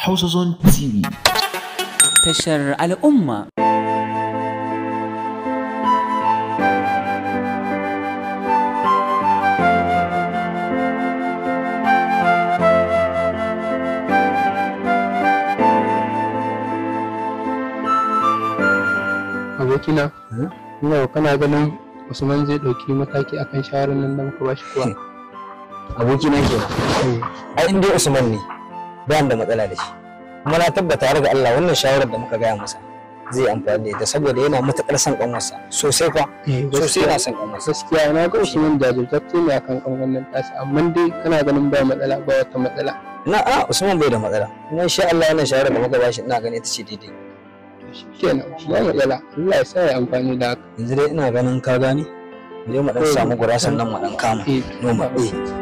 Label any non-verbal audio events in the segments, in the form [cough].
Hausa Zone TV. Tashar al'umma. abokina yau hmm? kana ganin usman zai ɗauki mataki akan shawarar nan da muka ba shi kuwa abokina ke eh. ai inda usman ne ba da matsala da shi kuma na tabbata daga Allah wannan shawarar da muka gaya masa zai amfani da ita saboda yana matuƙar son ƙanwarsa sosai fa eh, sosai yana son ƙanwarsa gaskiya na ga shi min jajirtacce ne akan ƙanwar wannan tasa amma dai kana ganin ba matsala ba wata matsala na a Usman bai da matsala kuma insha Allah wannan shawarar da muka ba shi ina ganin ita ce daidai kenan ba matsala Allah ya sa ya amfani da haka yanzu dai ina ganin ka gane mu mu dan samu gurasan nan mu dan kama eh, noma eh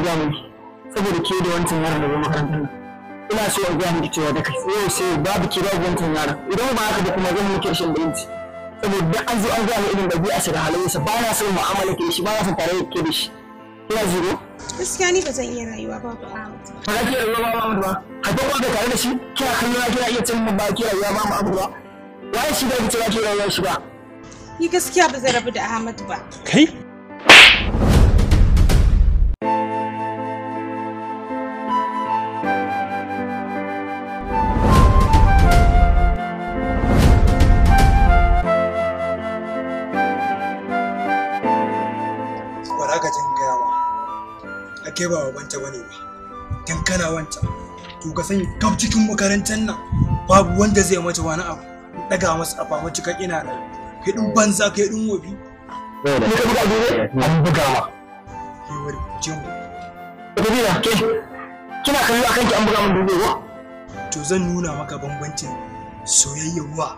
miki saboda ke da wancan yaran da ina so in gaya miki cewa da kai an zo an gaya irin a halayensa ba na son mu'amala ke ba na son tare ke gaskiya ni ba zan iya rayuwa ba ba ba za ki ka tare da shi kina kallon kina iya cin ba ki ba mu ba waye shi da ki ce ba ki rayuwa shi ba ni gaskiya ba zan rabu da Ahmad ba kai ke ba wanta bane ba dan kana wanta to ka sani kaf cikin makarantar nan babu wanda zai mata wani abu daga masa a fama cikin ina da kai dun banza kai wobi. wofi an buga ma Kabila ke kina kallo akan ki an buga min dubo to zan nuna maka bambancin soyayya wa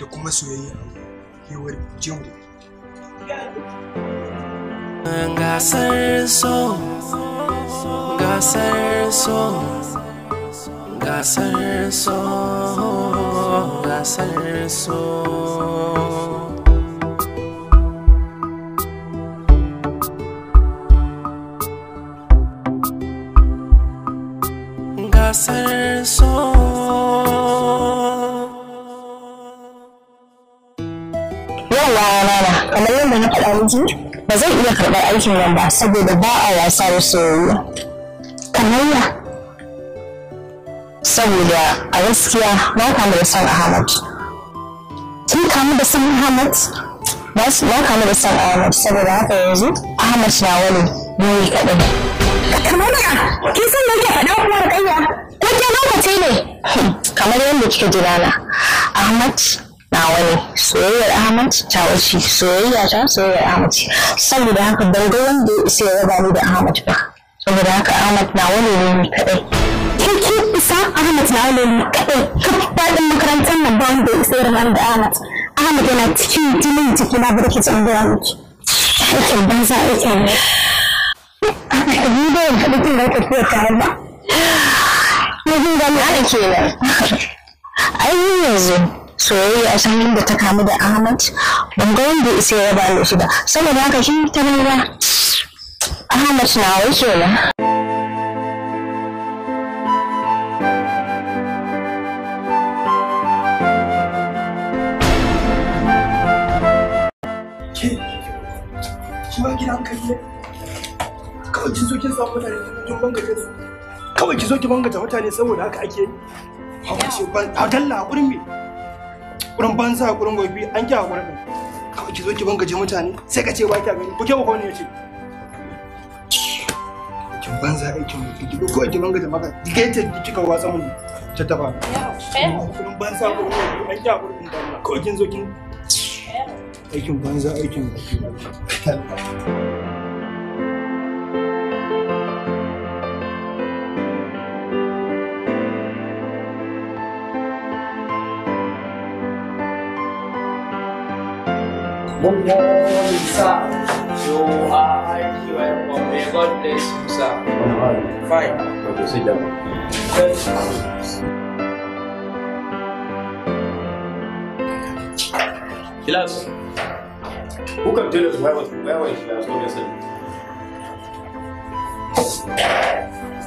da kuma soyayya hewar jingo Yeah. gasar so gasar so gasar so gasar so gasar so yawa rana kamar yadda na faɗa miji ba zan iya karɓar aikin nan ba saboda ba a wasa da soyayya kamar ya saboda a gaskiya ba ka da son ahmad kin kamu da son ahmad ba su kamu da son ahmad saboda haka yanzu ahmad na wani ne kaɗan kamar ya kin san da ke faɗa kuma da kaiya ko ke lokaci ne kamar yadda kika jirana ahmad na wani soyayyar Ahmad ta wace soyayya ta soyayyar Ahmad saboda haka ban ya isa ya raba ni da Ahmad ba saboda haka Ahmad na wani ne ni kadai kike isa Ahmad na wani makarantar isa ya da Ahmad Ahmad yana cikin jiki na ne da ne soyayya a san da ta kamu da Ahmad ban ga wanda isa ya bani shi ba saboda haka shi ta rayuwa Ahmad na wuce ne kawai ki zo ki bangata mutane saboda haka ake yi. Hawa ce ban a dalla a gurin me? Kurin banza kurin an din. Kawai ki zo ki bangaje mutane sai ka ce ba ki gani. Ku ke ba kawai ne ce. Kin aikin mu ki ko ki bangaje maka. Gaita kika watsa ta taba. Kurin kurin an din. Kawai kin zo kin One you sir. Fine. Okay, sit down. who can tell us where was where was Silas yesterday?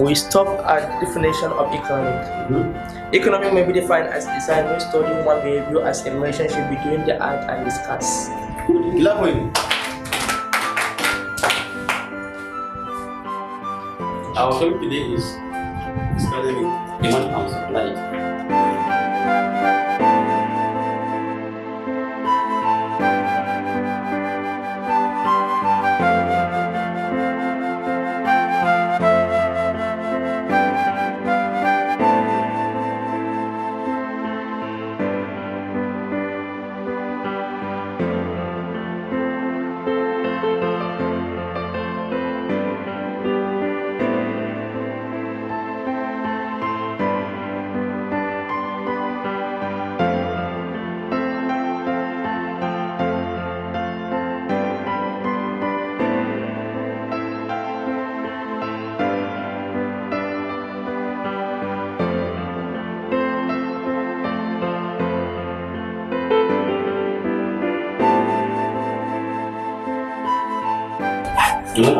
We stop at definition of economic. Mm -hmm. Economic may be defined as design study studying one behavior as a relationship between the art and the scarce. Club হয়নি Our today is studying human house, life.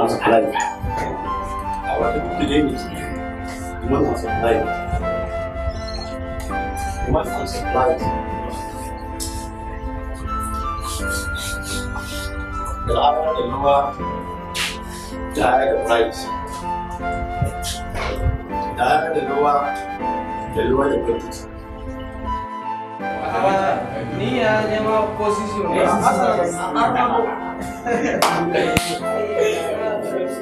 masuk lain awalnya itu jadi cuma masuk lain cuma masuk lain da ara da ruwa da ara da price da ara da ruwa da position ne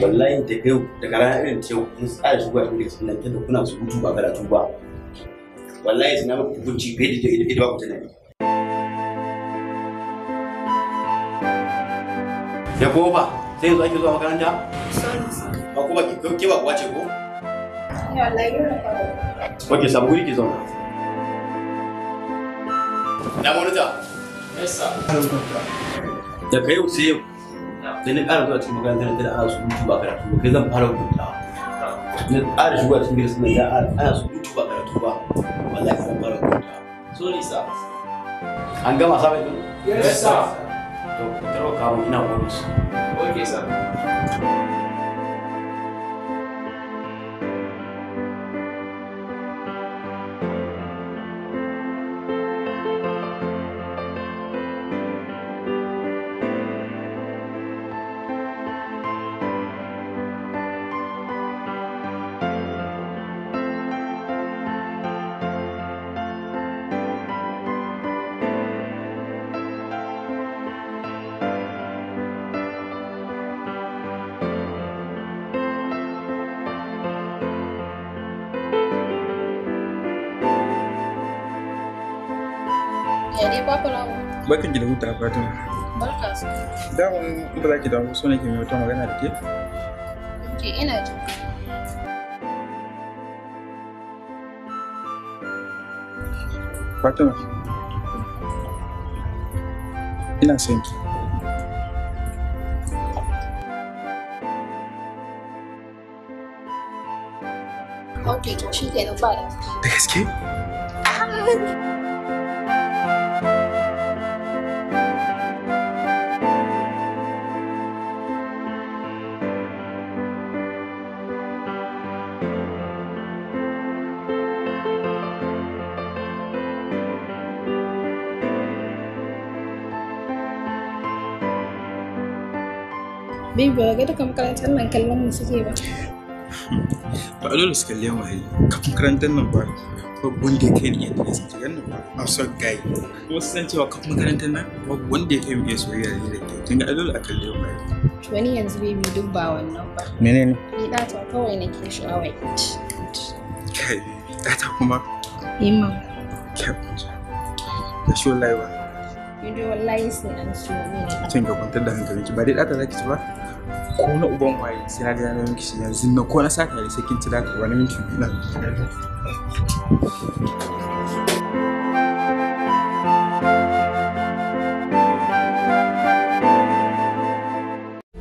wallahi da kai daga ranar irin ta yau kun tsara shi gwa da cikin lantarki kuna su hutu ba karatu ba wallahi sai na muku hukunci bai da ido ba ku tunani ya ko ba sai yanzu ake zuwa makaranta ba ko ba ke ba kuwa ce ko Oke, samu guri ki zauna. Na monita? Yes, sir. Da kai yau sai yau. sai na ƙara zuwa cikin makarantar da ana su mutu ba karatu ba kai zan fara rubuta na ƙara shigo cikin gidan sunan da ana su mutu ba karatu ba wallahi zan fara rubuta sorry an gama sabai yes sir to ka tarwa kawo ina wani okay sir ba fulawa. Barkan da huta Fatima. Barka su. Daman ba za ki damu so nake mai wata magana da ke? Ke ina ji Fatima. Ina son ki. Ok, to shi kenan ba da. Da gaske? [laughs] Baby ba ga duka makarantar nan kallon mu suke ba. Ba a dole su kalle mu ai. Kafin makarantar nan ba babu wanda ya kai ni yadda na sanci ganin ba. I'm so Kuma su san cewa kafin makarantar nan babu wanda ya kai yadda iya soyayya ne da ke. Kin ga a dole a kalle mu ai. Wani yanzu baby duk ba wannan ba. ne. Ni da ɗata kawai nake sha'awa. Kai, ɗata kuma? Ima. Kyau. Da shi wallahi ba. in dai wallahi sai an ciwo ne kin ga kwantar da hankalinki ba dai ɗata zaki ci ba ko na uban waye sai na ga yana miki shi yanzu na ko na saka ne sai kin ci data wani minti biyu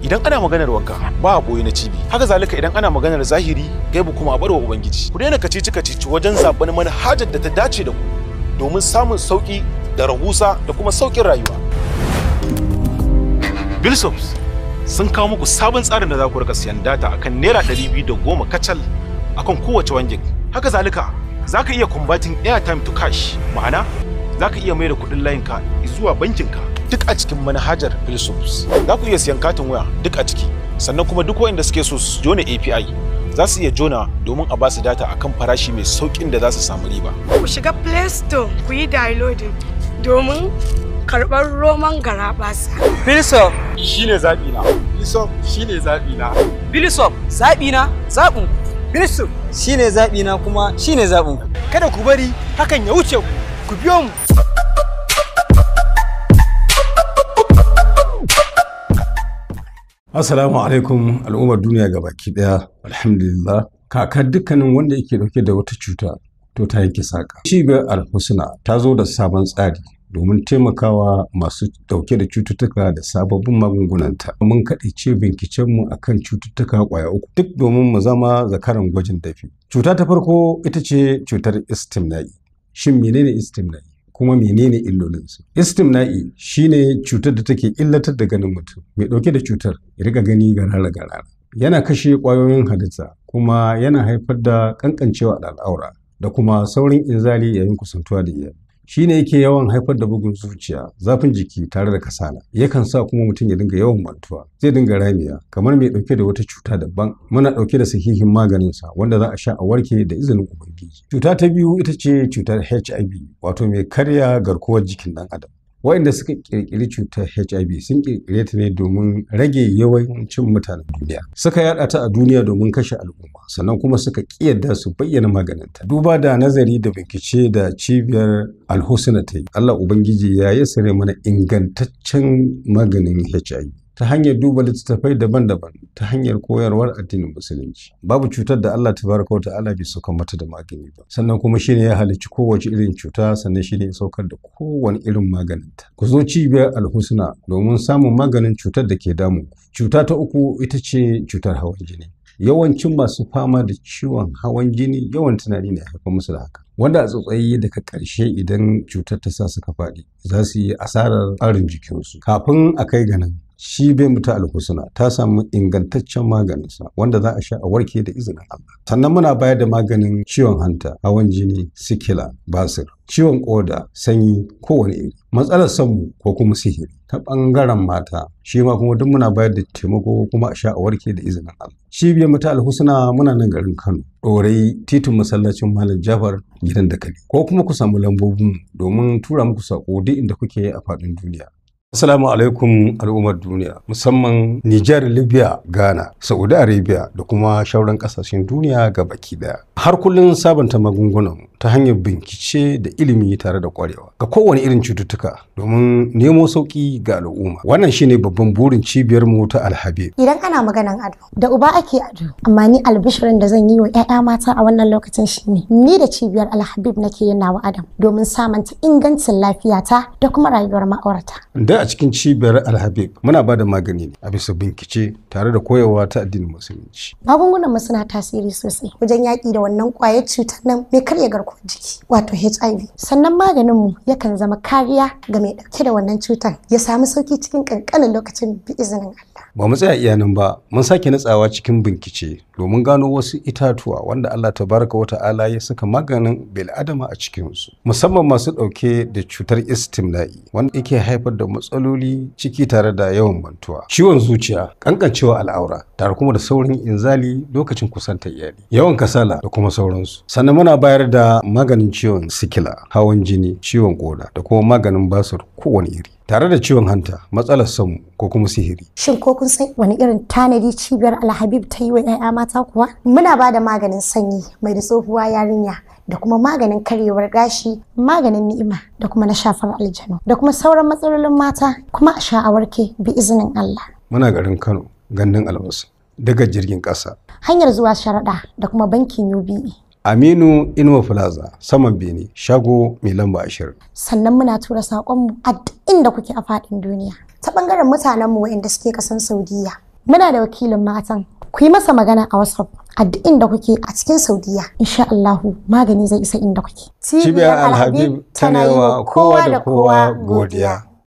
idan ana maganar wanka ba boye na cibi haka zalika idan ana maganar zahiri gaibu kuma a barwa ubangiji ku daina kacici kacici wajen zaɓar manhajar da ta dace da ku domin samun sauƙi da rahusa da kuma saukin rayuwa. Bilsops sun kawo muku sabon tsarin da za ku rika siyan data akan naira ɗari biyu da goma kacal akan kowace wangin. Haka zalika za ka iya kumbatin airtime to cash ma'ana za ka iya mai da kuɗin layin ka zuwa bankin ka. duk a cikin manhajar Bilsops. Za ku iya siyan katin waya duk a ciki sannan kuma duk waɗanda suke so su jona API za su iya jona domin a ba su data akan farashi mai saukin da za su samu riba. Ku shiga Play Store ku yi downloading domin karɓar roman garaɓasa. Bilsop shine shi na. zaɓina. shine Shi na. zaɓina. zaɓi na zaɓin. Bilisop shine ne na kuma shine zaɓin. Kada ku bari hakan ya wuce ku. Ku biyo mu. Assalamu alaikum al'ummar duniya gabaki daya. Alhamdulillah. Kakar dukkanin wanda yake dauke da wata cuta to ta yanke saƙa. Cibiyar Alhusna ta zo da sabon tsari domin taimakawa masu dauke da cututtuka da sababbin magungunanta. Mun kaɗaice bincikenmu a kan cututtuka ƙwaya uku duk domin mu zama zakaran gwajin dafi. Cuta ta farko ita ce cutar istimna'i. Shin menene istimna'i? kuma menene illolinsu istimna'i shine cutar da take illatar da ganin mutum mai ɗauke da cutar ya riga gani garara garara yana kashe ƙwayoyin halitta kuma yana haifar da kankancewa da al'aura da kuma saurin inzali yayin kusantuwa da iyali shi ne yake yawan haifar da bugun zuciya zafin jiki tare da kasala yakan sa kuma mutum ya dinga yawan mantuwa zai dinga ramiya kamar mai dauke da wata cuta daban muna dauke da sahihin maganin sa wanda za a sha a warke da izinin ubangiji cuta ta biyu ita ce cutar hiv wato mai karya garkuwar jikin dan adam waɗanda suka ƙirƙiri cutar HIV sun ƙirƙire ta ne domin rage yawancin mutanen duniya. Suka yaɗa ta a duniya domin kashe al'umma, sannan kuma suka ƙiyarda su bayyana maganinta. Duba da nazari da bincike da cibiyar alhusna ta yi, Allah Ubangiji ya yi sare mana ingantaccen maganin HIV. ta hanyar duba littattafai daban-daban ta hanyar koyarwar addinin musulunci babu cutar da Allah tabaraka wa ta'ala bai saukar mata da magani ba sannan kuma shine ya halicci kowace irin cuta sannan shine ya saukar da kowane irin maganin ta ku zo cibiyar alhusna domin samun maganin cutar da ke damu cuta ta uku ita ce cutar hawan jini yawancin masu fama da ciwon hawan jini yawan tunani ne haifa musu da haka wanda a tsotsayi daga karshe idan cutar ta sa suka faɗi za su yi asarar ƙarin jikinsu kafin a kai ga nan shi bai mutu alhusuna ta samu ingantaccen maganinsa wanda za a sha a warke da izinin Allah sannan muna bayar da maganin ciwon hanta hawan jini sikila basir ciwon koda sanyi kowane iri matsalar sanmu ko kuma sihiri ta ɓangaren mata shi ma kuma duk muna bayar da taimako kuma a sha a warke da izinin Allah cibiyar mu mutu alhusuna muna nan garin Kano ɗorai titin masallacin Malam Jafar gidan da ko kuma ku samu lambobin domin tura muku sako duk inda kuke a faɗin duniya Assalamu alaikum al'ummar duniya musamman Nijar, Libya, Ghana, Saudi Arabia da kuma shauran kasashen duniya ga baki daya. Har kullun sabanta magungunan ta hanyar bincike da ilimi tare da kwarewa ga kowane irin cututtuka domin nemo sauki ga al'umma wannan shine babban burin cibiyar mu ta alhabe idan ana maganan ado da uba ake ado amma ni albishirin da zan yi wa 'ya'ya mata a wannan lokacin shine ni da cibiyar alhabib nake yin nawa adam domin samanta ingancin lafiyata da kuma rayuwar ma'aurata da a cikin cibiyar alhabib muna ba da magani ne a bisa bincike tare da koyarwa ta addinin musulunci magungunan mu suna tasiri sosai wajen yaƙi da wannan ƙwayar cutar nan mai karya garkuwa jiki wato HIV. Sannan maganin mu yakan zama kariya ga mai ɗauke da wannan cutar ya samu sauki cikin ƙanƙanin lokacin bi izinin Allah. Ba mu tsaya iya ba, mun sake natsawa cikin binkice domin gano wasu itatuwa wanda Allah ta baraka wa ta'ala ya saka maganin bil'adama a cikin su musamman masu dauke da cutar istimla'i wanda yake haifar da matsaloli ciki tare da yawan mantuwa. Ciwon zuciya, kankancewa al'aura, tare kuma da saurin inzali lokacin kusantar iyali, yawan kasala da kuma sauransu. Sannan muna bayar da maganin ciwon sikila, hawan jini, ciwon koda da kuma maganin basur kowane iri. tare da ciwon hanta matsalar samu ko kuma sihiri. Shin ko kun sai wani irin tanadi cibiyar Alhabib ta yi wa 'ya'ya mata kuwa? Muna ba da maganin sanyi mai da tsohuwa yarinya da kuma maganin karyewar gashi maganin ni'ima da kuma na shafar aljanu da kuma sauran matsalolin mata kuma a sha'awarke bi izinin Allah. Muna garin Kano gandun albasa daga jirgin ƙasa. Hanyar zuwa sharaɗa da kuma bankin UBE. Aminu Inuwa Plaza, saman Bene, shago mai lamba ashirin. Sannan muna tura saƙonmu a inda kuke a faɗin duniya. Ta ɓangaren mutanenmu waɗanda suke ƙasan Saudiya. Muna da wakilin matan. Ku yi masa magana a WhatsApp a duk inda kuke a cikin Saudiya. Insha Allahu magani zai isa inda kuke. Cibiyar Alhabib tana yi wa kowa da kowa godiya.